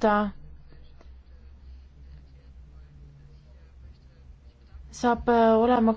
aasta saab äh, olema